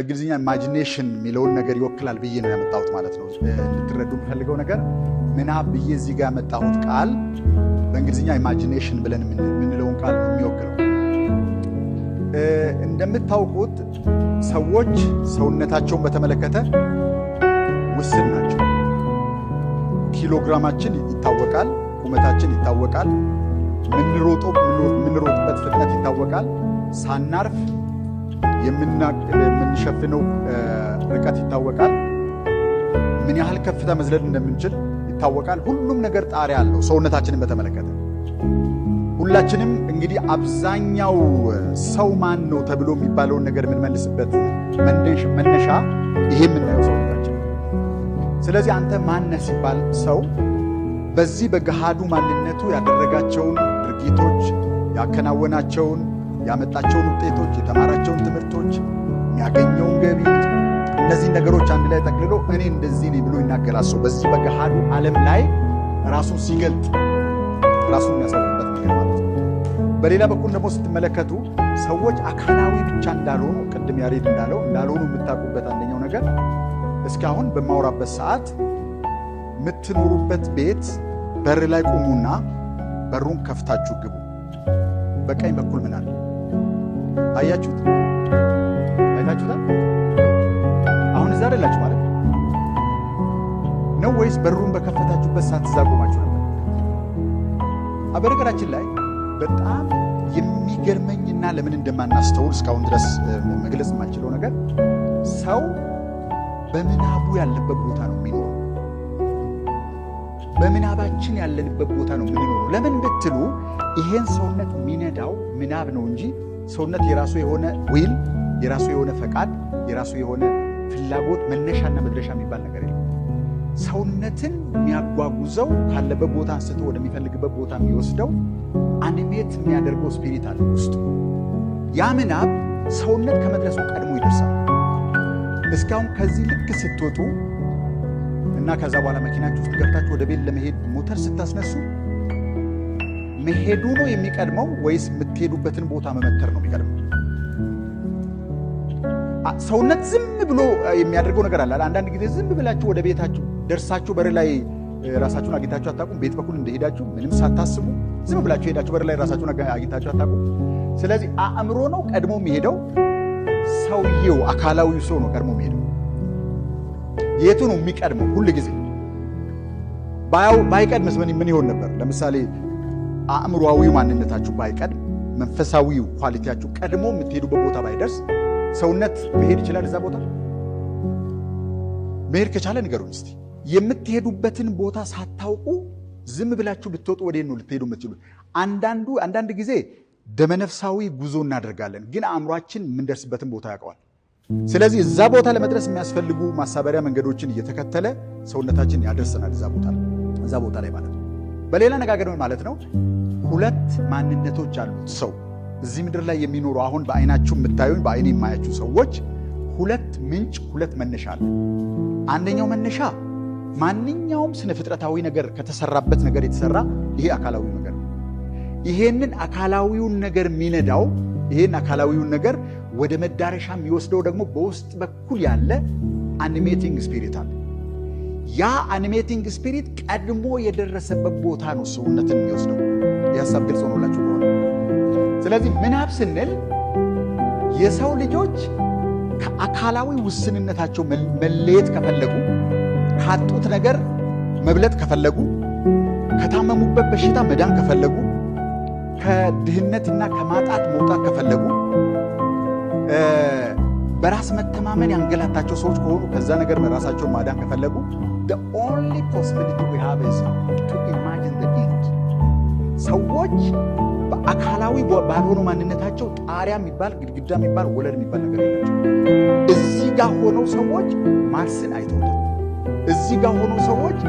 በእንግሊዝኛ ኢማጂኔሽን የሚለውን ነገር ይወክላል ብዬ ነው ያመጣሁት ማለት ነው። እንድትረዱ የምፈልገው ነገር ምናብ ብዬ እዚህ ጋር ያመጣሁት ቃል በእንግሊዝኛ ኢማጂኔሽን ብለን የምንለውን ቃል ነው የሚወክለው። እንደምታውቁት ሰዎች ሰውነታቸውን በተመለከተ ውስን ናቸው። ኪሎግራማችን ይታወቃል፣ ቁመታችን ይታወቃል፣ የምንሮጥበት ፍጥነት ይታወቃል። ሳናርፍ የምንሸፍነው ርቀት ይታወቃል። ምን ያህል ከፍታ መዝለል እንደምንችል ይታወቃል። ሁሉም ነገር ጣሪያ አለው። ሰውነታችንን በተመለከተ ሁላችንም እንግዲህ አብዛኛው ሰው ማን ነው ተብሎ የሚባለውን ነገር የምንመልስበት መነሻ ይሄ የምናየው ሰውነታችን። ስለዚህ አንተ ማነህ ሲባል ሰው በዚህ በገሃዱ ማንነቱ ያደረጋቸውን ድርጊቶች፣ ያከናወናቸውን፣ ያመጣቸውን ውጤቶች፣ የተማራቸውን ትምህርቶች ያገኘውን ገቢ እነዚህን ነገሮች አንድ ላይ ጠቅልሎ እኔ እንደዚህ ነኝ ብሎ ይናገራል ሰው በዚህ በገሃዱ ዓለም ላይ ራሱን ሲገልጥ ራሱን የሚያሳልበት ነገር ማለት ነው። በሌላ በኩል ደግሞ ስትመለከቱ ሰዎች አካላዊ ብቻ እንዳልሆኑ ቅድም ያሬድ እንዳለው እንዳልሆኑ የምታውቁበት አንደኛው ነገር እስካሁን በማውራበት ሰዓት የምትኖሩበት ቤት በር ላይ ቁሙና በሩን ከፍታችሁ ግቡ። በቀኝ በኩል ምን አለ አያችሁት? አይታችሁታል። አሁን እዛ አይደላችሁ ማለት ነው ወይስ በሩን በከፈታችሁበት ሳትዛ ቆማችሁ ነበር? በነገራችን ላይ በጣም የሚገርመኝና ለምን እንደማናስተውል እስካሁን ድረስ መግለጽ የማልችለው ነገር ሰው በምናቡ ያለበት ቦታ ነው የሚኖረው። በምናባችን ያለንበት ቦታ ነው የምንኖረው። ለምን ብትሉ ይሄን ሰውነት የሚነዳው ምናብ ነው እንጂ ሰውነት የራሱ የሆነ ዊል የራሱ የሆነ ፈቃድ፣ የራሱ የሆነ ፍላጎት፣ መነሻና መድረሻ የሚባል ነገር የለም። ሰውነትን የሚያጓጉዘው ካለበት ቦታ አንስቶ ወደሚፈልግበት ቦታ የሚወስደው አንሜት የሚያደርገው ስፒሪት አለ ውስጡ። ያ ምናብ ሰውነት ከመድረሱ ቀድሞ ይደርሳል። እስካሁን ከዚህ ልክ ስትወጡ እና ከዛ በኋላ መኪናችሁ ውስጥ ገብታችሁ ወደ ቤት ለመሄድ ሞተር ስታስነሱ መሄዱ ነው የሚቀድመው ወይስ የምትሄዱበትን ቦታ መመተር ነው የሚቀድመው? ሰውነት ዝም ብሎ የሚያደርገው ነገር አለ። አንዳንድ ጊዜ ዝም ብላችሁ ወደ ቤታችሁ ደርሳችሁ በር ላይ ራሳችሁን አግኝታችሁ አታውቁም። ቤት በኩል እንደሄዳችሁ ምንም ሳታስቡ ዝም ብላችሁ ሄዳችሁ በር ላይ ራሳችሁን አግኝታችሁ አታውቁም። ስለዚህ አእምሮ ነው ቀድሞ የሚሄደው፣ ሰውየው አካላዊው ሰው ነው ቀድሞ የሚሄደው። የቱ ነው የሚቀድመው? ሁል ጊዜ ባይቀድምስ ምን ይሆን ነበር? ለምሳሌ አእምሮዊ ማንነታችሁ ባይቀድም መንፈሳዊው ኳሊቲያችሁ ቀድሞ የምትሄዱበት ቦታ ባይደርስ ሰውነት መሄድ ይችላል እዛ ቦታ መሄድ ከቻለ ንገሩኝ እስቲ። የምትሄዱበትን ቦታ ሳታውቁ ዝም ብላችሁ ብትወጡ ወደ ነው ልትሄዱ የምትችሉት። አንዳንዱ አንዳንድ ጊዜ ደመነፍሳዊ ጉዞ እናደርጋለን፣ ግን አእምሯችን የምንደርስበትን ቦታ ያውቀዋል። ስለዚህ እዛ ቦታ ለመድረስ የሚያስፈልጉ ማሳበሪያ መንገዶችን እየተከተለ ሰውነታችን ያደርሰናል እዛ ቦታ እዛ ቦታ ላይ ማለት ነው። በሌላ አነጋገር ማለት ነው ሁለት ማንነቶች አሉት ሰው እዚህ ምድር ላይ የሚኖሩ አሁን በአይናችሁ የምታዩኝ በአይኔ የማያችሁ ሰዎች ሁለት ምንጭ፣ ሁለት መነሻ አለ። አንደኛው መነሻ ማንኛውም ስነ ፍጥረታዊ ነገር ከተሰራበት ነገር የተሰራ ይሄ አካላዊ ነገር ነው። ይሄንን አካላዊውን ነገር የሚነዳው ይሄን አካላዊውን ነገር ወደ መዳረሻ የሚወስደው ደግሞ በውስጥ በኩል ያለ አኒሜቲንግ ስፒሪት አለ። ያ አኒሜቲንግ ስፒሪት ቀድሞ የደረሰበት ቦታ ነው ሰውነትን የሚወስደው። የሀሳብ ግልጽ ሆኖላችሁ ስለዚህ ምናብ ስንል የሰው ልጆች ከአካላዊ ውስንነታቸው መለየት ከፈለጉ፣ ካጡት ነገር መብለጥ ከፈለጉ፣ ከታመሙበት በሽታ መዳን ከፈለጉ፣ ከድህነትና ከማጣት መውጣት ከፈለጉ፣ በራስ መተማመን ያንገላታቸው ሰዎች ከሆኑ ከዛ ነገር ራሳቸውን ማዳን ከፈለጉ ኦንሊ ቱ ኢማጂን ሰዎች በአካላዊ ባልሆኑ ማንነታቸው ጣሪያ የሚባል ግድግዳ የሚባል ወለድ የሚባል ነገር የላቸው። እዚህ ጋር ሆነው ሰዎች ማርስን አይተውታል። እዚህ ጋር ሆነው ሰዎች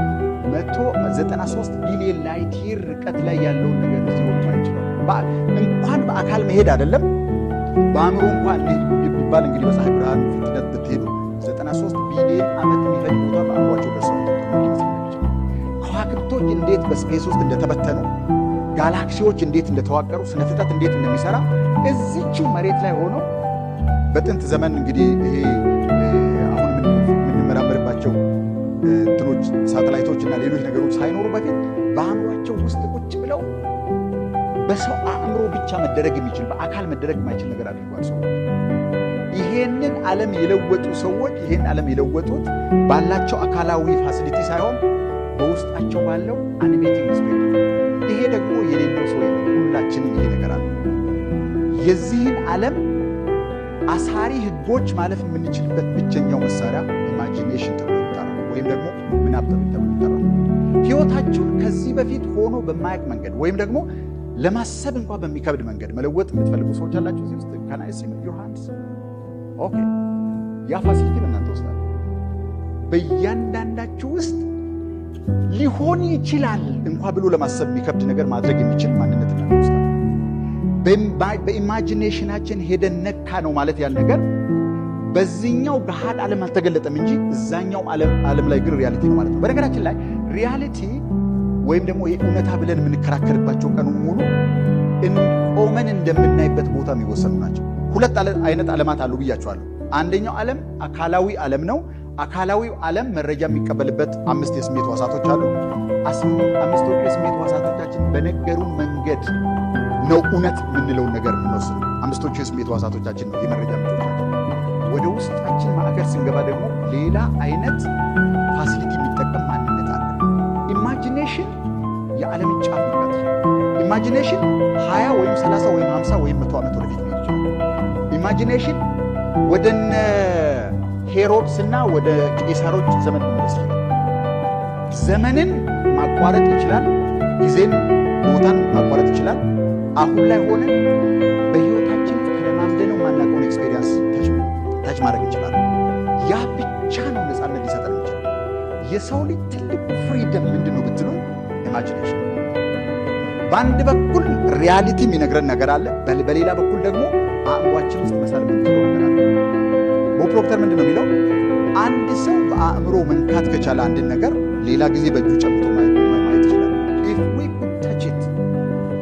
መቶ ዘጠና ሦስት ቢሊዮን ላይት ይር ርቀት ላይ ያለውን ነገር እዚህ ወጥቶ አይችላል። እንኳን በአካል መሄድ አይደለም በአእምሮ እንኳን ሄድ ቢባል እንግዲህ በፀሐይ ብርሃን ፍጥነት ብትሄዱ 93 ሦስት ቢሊዮን ዓመት የሚፈጅ ቦታ በአእምሯቸው ደርሰው ከዋክብቶች እንዴት በስፔስ ውስጥ እንደተበተኑ ጋላክሲዎች እንዴት እንደተዋቀሩ ስነ ፍጥረት እንዴት እንደሚሰራ እዚችው መሬት ላይ ሆኖ በጥንት ዘመን እንግዲህ ይሄ አሁን የምንመራመርባቸው እንትኖች ሳተላይቶች እና ሌሎች ነገሮች ሳይኖሩ በፊት በአእምሯቸው ውስጥ ቁጭ ብለው በሰው አእምሮ ብቻ መደረግ የሚችል በአካል መደረግ የማይችል ነገር አድርጓል ሰው ይሄንን ዓለም የለወጡ ሰዎች ይሄን ዓለም የለወጡት ባላቸው አካላዊ ፋሲሊቲ ሳይሆን በውስጣቸው ባለው አንቤቲንግ ስፔሪት ይሄ ደግሞ የሌለው ሰው የለም። ሁላችንም ይሄ ነገር አለ። የዚህን ዓለም አሳሪ ህጎች ማለፍ የምንችልበት ብቸኛው መሳሪያ ኢማጂኔሽን ተብሎ ይጠራል፣ ወይም ደግሞ ምናብ ተብሎ ይጠራል። ህይወታችሁን ከዚህ በፊት ሆኖ በማያውቅ መንገድ ወይም ደግሞ ለማሰብ እንኳን በሚከብድ መንገድ መለወጥ የምትፈልጉ ሰዎች አላችሁ። እዚህ ውስጥ ከናይስ ዮሐንስ ኦኬ ያ ፋሲሊቲ በእናንተ ውስጥ አለ። በእያንዳንዳችሁ ውስጥ ሊሆን ይችላል እንኳ ብሎ ለማሰብ የሚከብድ ነገር ማድረግ የሚችል ማንነት በኢማጂኔሽናችን ሄደን ነካ ነው ማለት ያል ነገር በዚህኛው ገሃድ ዓለም አልተገለጠም እንጂ እዛኛው ዓለም ላይ ግን ሪያሊቲ ነው ማለት ነው። በነገራችን ላይ ሪያሊቲ ወይም ደግሞ የእውነታ ብለን የምንከራከርባቸው ቀኑ ሙሉ ቆመን እንደምናይበት ቦታ የሚወሰኑ ናቸው። ሁለት አይነት ዓለማት አሉ ብያቸዋለሁ። አንደኛው ዓለም አካላዊ ዓለም ነው። አካላዊ ዓለም መረጃ የሚቀበልበት አምስት የስሜት ዋሳቶች አሉ። አምስቱ የስሜት ዋሳቶቻችን በነገሩ መንገድ ነው እውነት የምንለውን ነገር የምንወስነው። አምስቶቹ የስሜት ህዋሳቶቻችን የመረጃ ምንጮቻችን። ወደ ውስጣችን ማዕከል ስንገባ ደግሞ ሌላ አይነት ፋሲሊቲ የሚጠቀም ማንነት አለ። ኢማጂኔሽን የዓለም ጫፍ ኢማጂኔሽን 20 ወይም 30 ወይም 50 ወይም 100 ዓመት ወደፊት ሚሄድ ይችላል። ኢማጂኔሽን ወደነ ሄሮድስና ወደ ቄሳሮች ዘመን መለስ ዘመንን ማቋረጥ ይችላል። ጊዜን ቦታን ማቋረጥ ይችላል። አሁን ላይ ሆነ በህይወታችን ተለማምደነው ማናቀውን ኤክስፔሪንስ ታች ማድረግ ይችላል። ያ ብቻ ነው ነፃነት ሊሰጠን ይችላል። የሰው ልጅ ትልቅ ፍሪደም ምንድን ነው ብትሉ ኢማጂኔሽን። በአንድ በኩል ሪያሊቲ የሚነግረን ነገር አለ፣ በሌላ በኩል ደግሞ አእምሯችን ውስጥ መሳል ምንችለው ነገር አለ ቦብ ፕሮክተር ምንድን ነው የሚለው? አንድ ሰው በአእምሮ መንካት ከቻለ አንድን ነገር ሌላ ጊዜ በእጁ ጨብጦ ማየት ይችላል። ተችት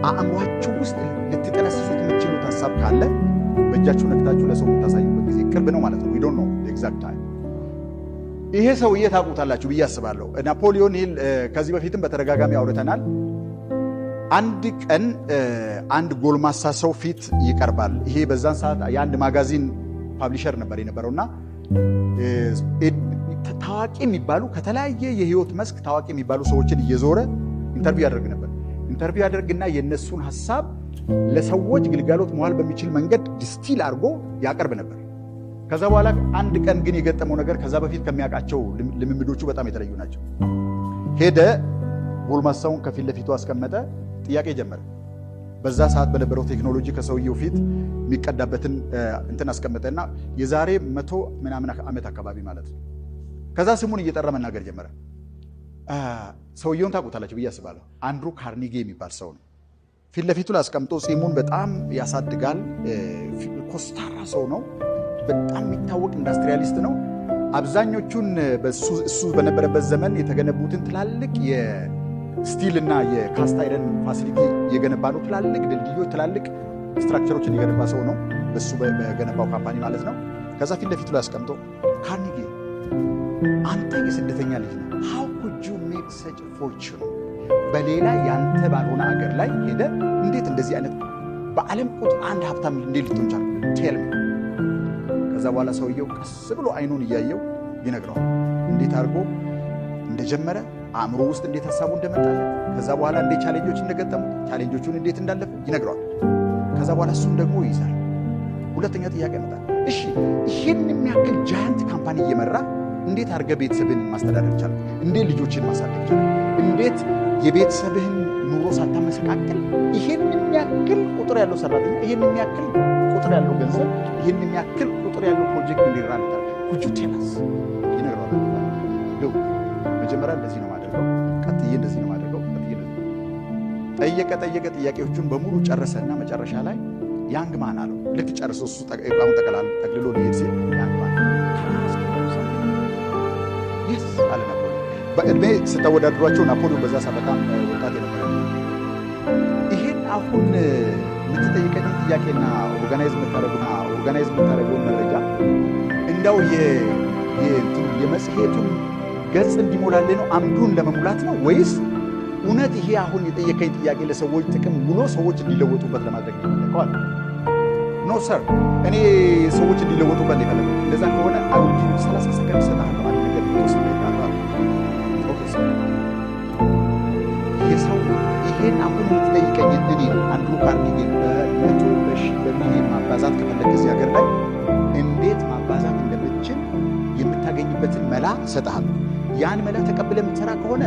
አእምሯችሁ ውስጥ ልትጠነስሱት የምችሉት ሀሳብ ካለ በእጃችሁ ነክታችሁ ለሰው የምታሳዩበት ጊዜ ቅርብ ነው ማለት ነው። ነው ኤግዛክት ታይም። ይሄ ሰውዬ ታውቁታላችሁ ብዬ አስባለሁ። ናፖሊዮን ሂል ከዚህ በፊትም በተደጋጋሚ አውርተናል። አንድ ቀን አንድ ጎልማሳ ሰው ፊት ይቀርባል። ይሄ በዛን ሰዓት የአንድ ማጋዚን ፓብሊሸር ነበር የነበረው እና ታዋቂ የሚባሉ ከተለያየ የህይወት መስክ ታዋቂ የሚባሉ ሰዎችን እየዞረ ኢንተርቪው ያደርግ ነበር። ኢንተርቪው ያደርግና የእነሱን ሀሳብ ለሰዎች ግልጋሎት መዋል በሚችል መንገድ ዲስቲል አድርጎ ያቀርብ ነበር። ከዛ በኋላ አንድ ቀን ግን የገጠመው ነገር ከዛ በፊት ከሚያውቃቸው ልምምዶቹ በጣም የተለዩ ናቸው። ሄደ፣ ጎልማሳውን ከፊት ለፊቱ አስቀመጠ፣ ጥያቄ ጀመረ። በዛ ሰዓት በነበረው ቴክኖሎጂ ከሰውየው ፊት የሚቀዳበትን እንትን አስቀመጠና የዛሬ መቶ ምናምን ዓመት አካባቢ ማለት ነው። ከዛ ስሙን እየጠራ መናገር ጀመረ። ሰውየውን ታውቁታላችሁ ብዬ አስባለሁ። አንድሩ ካርኒጌ የሚባል ሰው ነው። ፊት ለፊቱ አስቀምጦ ጺሙን በጣም ያሳድጋል። ኮስታራ ሰው ነው። በጣም የሚታወቅ ኢንዱስትሪያሊስት ነው። አብዛኞቹን እሱ በነበረበት ዘመን የተገነቡትን ትላልቅ ስቲልና የካስት አይረን ፋሲሊቲ የገነባ ነው። ትላልቅ ድልድዮች፣ ትላልቅ ስትራክቸሮችን የገነባ ሰው ነው፣ በሱ በገነባው ካምፓኒ ማለት ነው። ከዛ ፊት ለፊቱ ላይ አስቀምጦ ካርኒጌ አንተ የስደተኛ ልጅ ነው ሀው ኩጁ ሜክ ሰጭ ፎርቹን በሌላ ያንተ ባልሆነ ሀገር ላይ ሄደ እንዴት እንደዚህ አይነት በዓለም ቁጥር አንድ ሀብታም እንዴት ልትሆን ቴልም ከዛ በኋላ ሰውየው ቀስ ብሎ አይኑን እያየው ይነግረዋል እንዴት አድርጎ እንደጀመረ አእምሮ ውስጥ እንዴት ሀሳቡ እንደመጣለ ከዛ በኋላ እንዴት ቻሌንጆች እንደገጠሙት ቻሌንጆቹን እንዴት እንዳለፈ ይነግረዋል። ከዛ በኋላ እሱም ደግሞ ይይዛል። ሁለተኛ ጥያቄ መጣል። እሺ ይህን የሚያክል ጃያንት ካምፓኒ እየመራ እንዴት አድርገህ ቤተሰብን ማስተዳደር ይቻላል? እንዴት ልጆችን ማሳደግ ይቻላል? እንዴት የቤተሰብህን ኑሮ ሳታመሰቃቅል ይህን የሚያክል ቁጥር ያለው ሰራተኛ፣ ይህን የሚያክል ቁጥር ያለው ገንዘብ፣ ይህን የሚያክል ቁጥር ያለው ፕሮጀክት እንዲራ ይታል ጉጁ ቴናስ ይነግረዋል። መጀመሪያ እንደዚህ ነው እትዬ እንደዚህ ነው አደረገው፣ እትዬ እንደዚህ ነው ጠየቀ ጠየቀ። ጥያቄዎቹን በሙሉ ጨረሰና መጨረሻ ላይ ያንግ ማን አለው። ልክ ጨርሶ እሱ ዕቃውን ጠቅላላ ጠቅልሎ ሊሄድ ሲል ያንግ ማን አለ በእድሜ ስታወዳድሯቸው ናፖሊዮን በዛ ሰዓት በጣም ወጣት የነበረ ይህን አሁን የምትጠይቀኝ ጥያቄና ኦርጋናይዝ የምታደረጉና ኦርጋናይዝ የምታደረገውን መረጃ እንዳው የመጽሔቱን ገጽ እንዲሞላልህ ነው? አምዱን ለመሙላት ነው ወይስ እውነት ይሄ አሁን የጠየቀኝ ጥያቄ ለሰዎች ጥቅም ውሎ ሰዎች እንዲለወጡበት ለማድረግ ይፈለገዋል? ኖ ሰር፣ እኔ ሰዎች እንዲለወጡበት የፈለገው እንደዛ ከሆነ አሁን ሰላሳ ሰከንድ ሰጥሃለሁ። አንድ ነገር ስ የሰው ይሄን አሁን እኔ በመቶ በሺ በሚሊዮን ማባዛት ከፈለግ እዚህ ሀገር ላይ እንዴት ማባዛት እንደምችል የምታገኝበትን መላ ሰጥሃለሁ። ያን መላ ተቀብለ የምትሰራ ከሆነ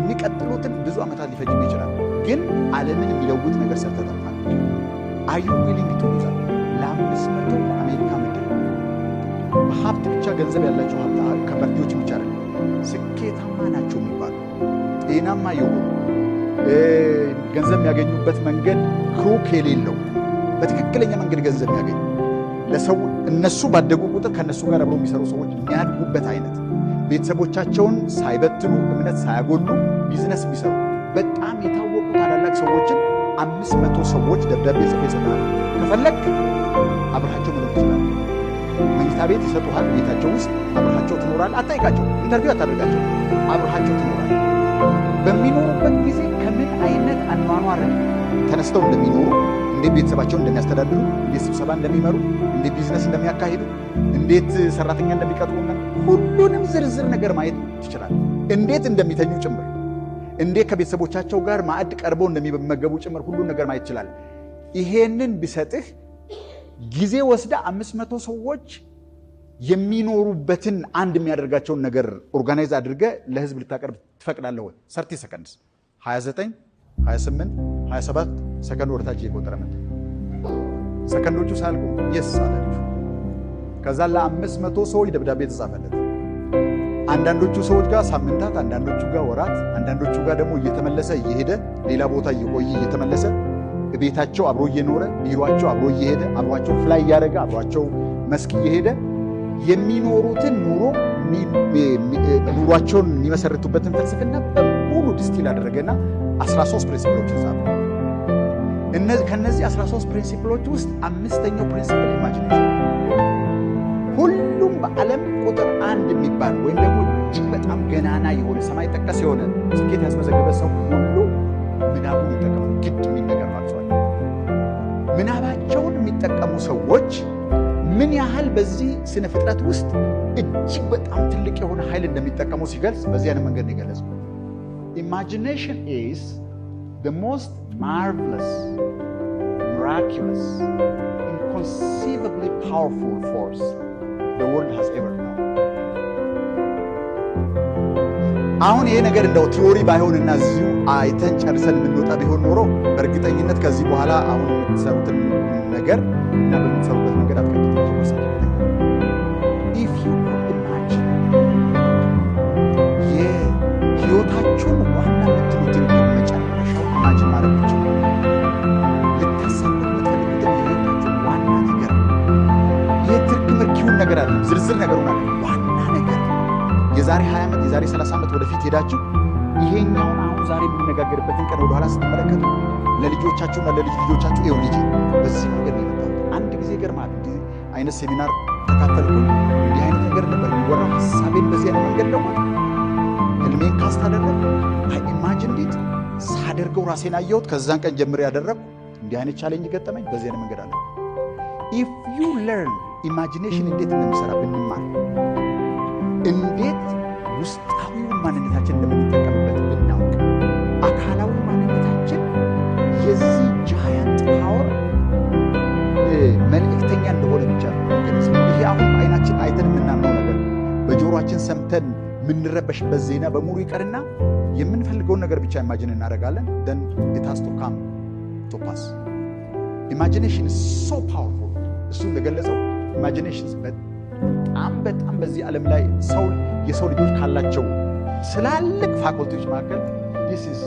የሚቀጥሉትን ብዙ ዓመታት ሊፈጅም ይችላል፣ ግን ዓለምን የሚለውጥ ነገር ሰርተ ተርፋል። አዩ ዊሊንግ ቱ ትሉዛል ለአምስት መቶ አሜሪካ ምድር በሀብት ብቻ ገንዘብ ያላቸው ሀብት ከበርቴዎች ብቻ አይደለም ስኬታማ ናቸው የሚባሉ ጤናማ የሆኑ ገንዘብ የሚያገኙበት መንገድ ክሩክ የሌለው በትክክለኛ መንገድ ገንዘብ የሚያገኙ ለሰው እነሱ ባደጉ ቁጥር ከእነሱ ጋር አብረው የሚሰሩ ሰዎች የሚያድጉበት አይነት ቤተሰቦቻቸውን ሳይበትኑ እምነት ሳያጎሉ ቢዝነስ ቢሰሩ በጣም የታወቁ ታላላቅ ሰዎችን አምስት መቶ ሰዎች ደብዳቤ ጽፌ ጽፈሃል። ከፈለግ አብረሃቸው መኖር ይችላል። መኝታ ቤት ይሰጡሃል። ቤታቸው ውስጥ አብረሃቸው ትኖራል። አታይቃቸው፣ ኢንተርቪው አታደርጋቸው፣ አብረሃቸው ትኖራል። በሚኖሩበት ጊዜ ከምን አይነት አኗኗር ተነስተው እንደሚኖሩ እንዴት ቤተሰባቸውን እንደሚያስተዳድሩ እንዴት ስብሰባ እንደሚመሩ እንዴት ቢዝነስ እንደሚያካሂዱ እንዴት ሰራተኛ እንደሚቀጥሩና ሁሉንም ዝርዝር ነገር ማየት ትችላል። እንዴት እንደሚተኙ ጭምር፣ እንዴት ከቤተሰቦቻቸው ጋር ማዕድ ቀርበው እንደሚመገቡ ጭምር ሁሉን ነገር ማየት ይችላል። ይሄንን ቢሰጥህ ጊዜ ወስደ አምስት መቶ ሰዎች የሚኖሩበትን አንድ የሚያደርጋቸውን ነገር ኦርጋናይዝ አድርገ ለህዝብ ልታቀርብ ትፈቅዳለህ ወይ? ሰርቲ ሰከንድስ 29 28 27 ሰከንድ ወደታች እየቆጠረ መጣ። ሰከንዶቹ ሳልቁ የስ አላችሁ ከዛ ለአምስት መቶ ሰዎች ደብዳቤ የተጻፈለት አንዳንዶቹ ሰዎች ጋር ሳምንታት፣ አንዳንዶቹ ጋር ወራት፣ አንዳንዶቹ ጋር ደግሞ እየተመለሰ እየሄደ ሌላ ቦታ እየቆየ እየተመለሰ ቤታቸው አብሮ እየኖረ ቢሮቸው አብሮ እየሄደ አብሯቸው ፍላይ እያደረገ አብሯቸው መስክ እየሄደ የሚኖሩትን ኑሮ ኑሯቸውን የሚመሰርቱበትን ፍልስፍና በሙሉ ድስቲል አደረገና 13 ፕሪንሲፕሎች ጻፈ። ከነዚህ 13 ፕሪንሲፕሎች ውስጥ አምስተኛው ፕሪንሲፕል ኢማጂኔሽን ሁሉም በዓለም ቁጥር አንድ የሚባል ወይም ደግሞ እጅግ በጣም ገናና የሆነ ሰማይ ጠቀስ የሆነ ስኬት ያስመዘገበ ሰው ሁሉ ምናቡን ይጠቀሙ ግድ የሚነገርባቸዋል። ምናባቸውን የሚጠቀሙ ሰዎች ምን ያህል በዚህ ስነ ፍጥረት ውስጥ እጅግ በጣም ትልቅ የሆነ ኃይል እንደሚጠቀሙ ሲገልጽ በዚህ አይነት መንገድ ይገለጽ። ኢማጂኔሽን ኢዝ the most marvelous ኮንሲቨብ ፓወርፉል ፎርስ። the world has ever known። አሁን ይሄ ነገር እንደው ቲዎሪ ባይሆንና እዚሁ አይተን ጨርሰን የምንወጣ ቢሆን ኖሮ በእርግጠኝነት ከዚህ በኋላ አሁን የምትሰሩትን ነገር እና በምትሰሩበት መንገድ አትቀጥታችሁ መሰለ ኢፍ ዩ ኢማጂን የህይወታችሁን ዝርዝር ነገር አለ። ዋና ነገር የዛሬ 20 ዓመት የዛሬ 30 ዓመት ወደፊት ሄዳችሁ ይሄኛውን አሁን ዛሬ የምንነጋገርበትን ቀን ወደኋላ ስትመለከቱ ለልጆቻችሁና ለልጅ ልጆቻችሁ ይኸው ልጅ በዚህ መንገድ ነው የመጣሁት። አንድ ጊዜ ገርማ እንዲህ አይነት ሴሚናር ተካተልኩ። እንዲህ አይነት ነገር ነበር የሚወራ። ሀሳቤን በዚህ አይነት መንገድ ነው እድሜን ካስት አደረግ ኢማጅን እንዴት ሳደርገው ራሴን አየሁት። ከዛን ቀን ጀምሬ ያደረግኩ እንዲህ አይነት ቻሌንጅ ገጠመኝ። በዚህ አይነት መንገድ አለ ኢፍ ዩ ለርን ኢማጂኔሽን እንዴት እንደምሰራ ብንማር፣ እንዴት ውስጣዊውን ማንነታችን እንደምንጠቀምበት ብናውቅ፣ አካላዊ ማንነታችን የዚህ ጃያንት ፓወር መልእክተኛ እንደሆነ ብቻ ይሄ አሁን አይናችን አይተን የምናምነው ነገር በጆሮችን ሰምተን የምንረበሽበት ዜና በሙሉ ይቀርና የምንፈልገውን ነገር ብቻ ኢማጂን እናደርጋለን። ደን ኢታስቶ ካም ቶፓስ ኢማጂኔሽን ሶ ፓወርፉል እሱ እንደገለጸው ኢማጂኔሽንስ በጣም በጣም በዚህ ዓለም ላይ ሰው የሰው ልጆች ካላቸው ስላልቅ ፋኮልቲዎች መካከል ዲስ ኢዝ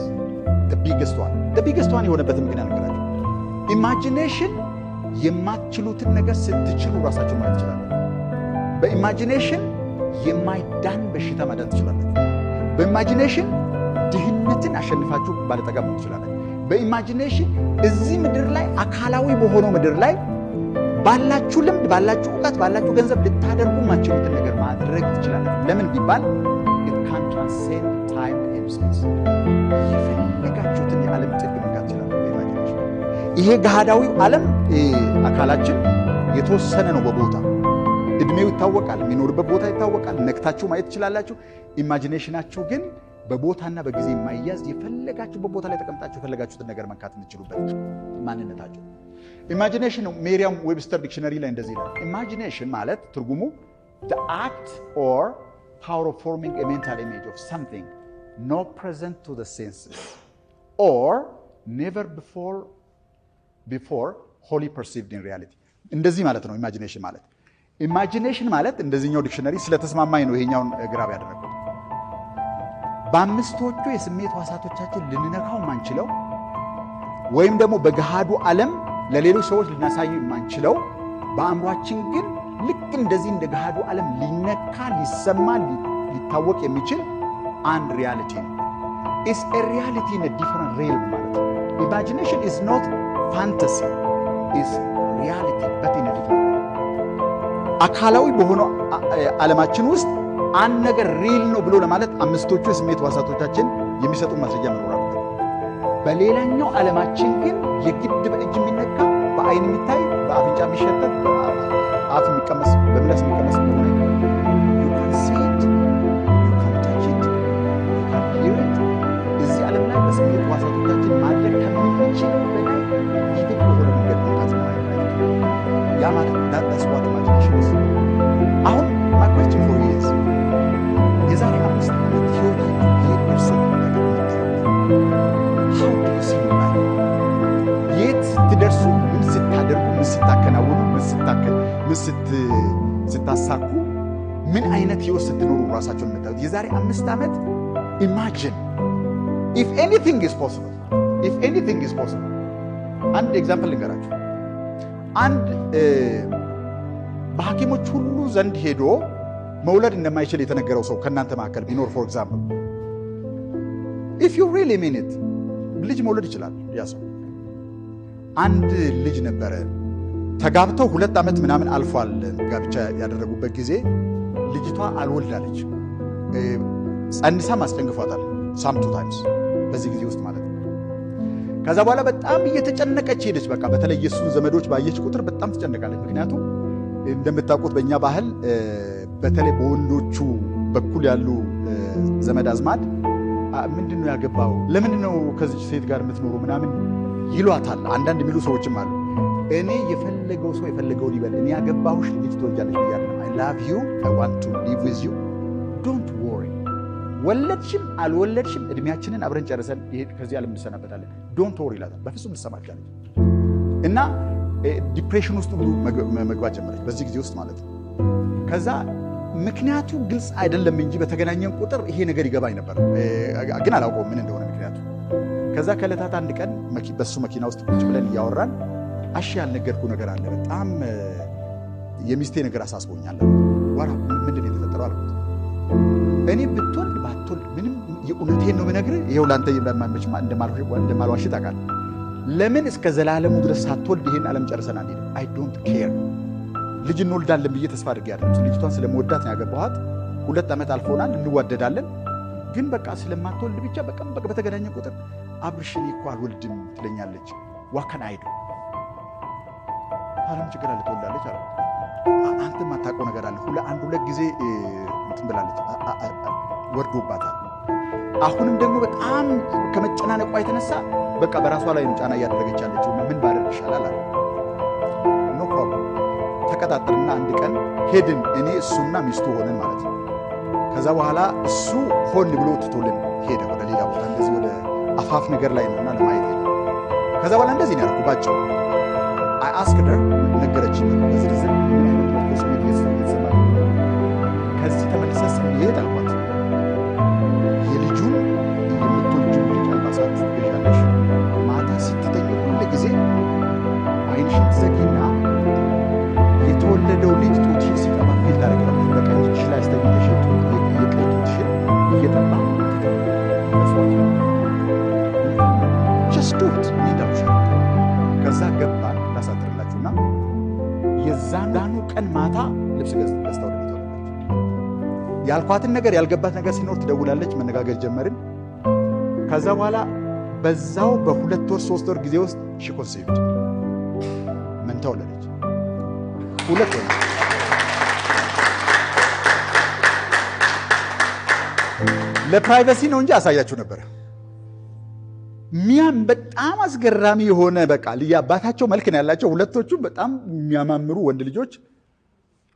ቢገስት ዋን ቢገስት ዋን የሆነበት ምክንያት ነገራቸው ኢማጂኔሽን የማትችሉትን ነገር ስትችሉ ራሳችሁ ማየት ትችላለን። በኢማጂኔሽን የማይዳን በሽታ ማዳን ትችላለን። በኢማጂኔሽን ድህነትን አሸንፋችሁ ባለጠጋ መሆን በኢማጂኔሽን እዚህ ምድር ላይ አካላዊ በሆነው ምድር ላይ ባላችሁ ልምድ፣ ባላችሁ እውቀት፣ ባላችሁ ገንዘብ ልታደርጉ ማችሉትን ነገር ማድረግ ትችላለች። ለምን ቢባል ትራንሴንድ ታይም ኤንድ ስፔስ የፈለጋችሁትን የዓለም ጥግ መንካት ትችላለች። ይሄ ገሃዳዊው ዓለም አካላችን የተወሰነ ነው በቦታ እድሜው ይታወቃል። የሚኖርበት ቦታ ይታወቃል። ነክታችሁ ማየት ትችላላችሁ። ኢማጂኔሽናችሁ ግን በቦታና በጊዜ የማይያዝ የፈለጋችሁበት ቦታ ላይ ተቀምጣችሁ የፈለጋችሁትን ነገር መንካት የምትችሉበት ማንነታችሁ ኢማጂኔሽን ነው። ሜሪያም ዌብስተር ዲክሽነሪ ላይ እንደዚህ ይላል። ኢማጂኔሽን ማለት ትርጉሙ አክት ኦር ፓወር ኦፍ ፎርሚንግ forming ኢሜጅ ኦፍ image ኖ ፕሬዘንት ቱ ዘ ሴንስስ ኦር ኔቨር ቢፎር ቢፎር ሆሊ ፐርሲቭድ ኢን ሪያሊቲ እንደዚህ ማለት ነው ኢማጂኔሽን ማለት ኢማጂኔሽን ማለት እንደዚህኛው ዲክሽነሪ ስለተስማማኝ ነው ይሄኛውን eh, ግራብ ያደረገው። በአምስቶቹ የስሜት ሕዋሳቶቻችን ልንነካው ማንችለው ወይም ደግሞ በገሃዱ ዓለም ለሌሎች ሰዎች ልናሳዩ የማንችለው በአእምሯችን ግን ልክ እንደዚህ እንደ ገሃዱ ዓለም ሊነካ ሊሰማ ሊታወቅ የሚችል አንድ ሪያሊቲ ነው። ኢስ ኤ ሪያሊቲ ኢን ዲፈረንት ሬልም ማለት ነው። ኢማጂኔሽን ኢስ ኖት ፋንታሲ ኢስ ሪያሊቲ በት ኢን ዲፈረንት አካላዊ በሆነው ዓለማችን ውስጥ አንድ ነገር ሪል ነው ብሎ ለማለት አምስቶቹ የስሜት ዋሳቶቻችን የሚሰጡ ማስረጃ መኖራል። በሌላኛው ዓለማችን ግን የግድ በእጅ የሚነካ በአይን የሚታይ በአፍንጫ የሚሸተት አፍ የሚቀመስ በምላስ የሚቀመስ ህይወት ስትኖሩ ራሳቸውን የምታዩት የዛሬ አምስት ዓመት ኢማጂን ኢፍ ኤኒቲንግ ኢዝ ፖስብል ኢፍ ኤኒቲንግ ኢዝ ፖስብል አንድ ኤግዛምፕል ልንገራችሁ። አንድ በሐኪሞች ሁሉ ዘንድ ሄዶ መውለድ እንደማይችል የተነገረው ሰው ከእናንተ መካከል ቢኖር ፎር ኤግዛምፕል ኢፍ ዩ ሪሊ ሚን ኢት ልጅ መውለድ ይችላል ያ ሰው። አንድ ልጅ ነበረ ተጋብተው ሁለት ዓመት ምናምን አልፏል ጋብቻ ያደረጉበት ጊዜ ልጅቷ አልወልዳለች። ጸንሳም አስጨንግፏታል። ሳም ቱ ታይምስ በዚህ ጊዜ ውስጥ ማለት ነው። ከዛ በኋላ በጣም እየተጨነቀች ሄደች። በቃ በተለይ የእሱን ዘመዶች ባየች ቁጥር በጣም ትጨነቃለች። ምክንያቱም እንደምታውቁት በእኛ ባህል በተለይ በወንዶቹ በኩል ያሉ ዘመድ አዝማድ ምንድን ነው ያገባው? ለምንድን ነው ከዚች ሴት ጋር የምትኖሩ? ምናምን ይሏታል። አንዳንድ የሚሉ ሰዎችም አሉ። እኔ የፈለገው ሰው የፈለገውን ይበል፣ እኔ ያገባሁሽ ልጅ ትወልጃለች ብያለሁ ላቭ ዩ አይ ዋንት ቱ ሊቭ ዊዝ ዩ ዶንት ወሪ። ወለድሽም አልወለድሽም እድሜያችንን አብረን ጨርሰን ከዚህ ዓለም እንሰናበታለን። ዶንት ወሪ ይላታል። በፍጹም ልሰማ እና ዲፕሬሽን ውስጥ ሁሉ መግባት ጀመረች በዚህ ጊዜ ውስጥ ማለት ነው። ከዛ ምክንያቱ ግልጽ አይደለም እንጂ በተገናኘን ቁጥር ይሄ ነገር ይገባኝ ነበር፣ ግን አላውቀውም ምን እንደሆነ ምክንያቱ። ከዛ ከዕለታት አንድ ቀን በሱ መኪና ውስጥ ቁጭ ብለን እያወራን አሺ ያልነገርኩ ነገር አለ በጣም የሚስቴ ነገር አሳስቦኛል። ዋራ ምንድን የተፈጠረው አልኩት። እኔ ብትወልድ ባትወልድ ምንም የእውነቴን ነው ብነግርህ ይኸው ለአንተ ለማመች እንደማልዋሽ ታውቃለህ። ለምን እስከ ዘላለሙ ድረስ ሳትወልድ ይህን ዓለም ጨርሰን ሄ አይ ዶንት ኬር ልጅ እንወልዳለን ብዬ ተስፋ አድርጌ ያለ ልጅቷን ስለመወዳት ነው ያገባኋት። ሁለት ዓመት አልፎናል፣ እንዋደዳለን። ግን በቃ ስለማትወልድ ብቻ በቃ በቃ በተገናኘ ቁጥር አብርሽን እኮ አልወልድም ትለኛለች። ዋከን አይዶ አለም ችግር አለ ትወልዳለች አለ አንተ የማታውቀው ነገር አለ። ሁለ አንድ ሁለት ጊዜ እንትን ብላለች ወርዶባታል። አሁንም ደግሞ በጣም ከመጨናነቋ የተነሳ በቃ በራሷ ላይ ነው ጫና እያደረገች ያለችው። ምን ባደርግ ይሻላል አለ። ኖ ፕሮብለም ተቀጣጠርና አንድ ቀን ሄድን። እኔ እሱና ሚስቱ ሆንን ማለት ነው። ከዛ በኋላ እሱ ሆን ብሎ ትቶልን ሄደ ወደ ሌላ ቦታ። እንደዚህ ወደ አፋፍ ነገር ላይ ነውና ለማየት ሄደ። ከዛ በኋላ እንደዚህ ነው ያልኩባቸው አይ አስክድ ሄር ነገረችኝ። በዝርዝር ከዚህ ተመልሰ አልኳት የልጁን ልጅ አልባሳት ማታ ስትተኝ ጊዜ አይንሽን ትዘጊና የተወለደው ልጅ ቀን ማታ ልብስ ገዝታ ወደ ቤት ያልኳትን ነገር ያልገባት ነገር ሲኖር ትደውላለች። መነጋገር ጀመርን። ከዛ በኋላ በዛው በሁለት ወር ሶስት ወር ጊዜ ውስጥ ሽኮንሴዩድ መንታ ወለደች። ሁለት ወር ለፕራይቬሲ ነው እንጂ አሳያችሁ ነበር ሚያም በጣም አስገራሚ የሆነ በቃ ልዩ አባታቸው መልክ ነው ያላቸው። ሁለቶቹም በጣም የሚያማምሩ ወንድ ልጆች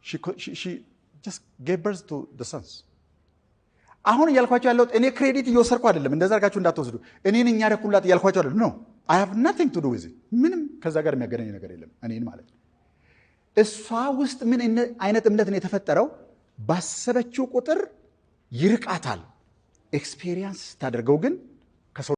she, she, she just gave birth to the sons አሁን እያልኳቸው ያለሁት እኔ ክሬዲት እየወሰድኩ አይደለም፣ እንደዛ አድርጋችሁ እንዳትወስዱ። እኔን እኛ ደኩላት እያልኳቸው አይደለም። ኖ አይ ሃቭ ናቲንግ ቱ ዱ ዊዝ ምንም ከዛ ጋር የሚያገናኝ ነገር የለም። እኔን ማለት ነው። እሷ ውስጥ ምን አይነት እምነት ነው የተፈጠረው? ባሰበችው ቁጥር ይርቃታል። ኤክስፔሪየንስ ስታደርገው ግን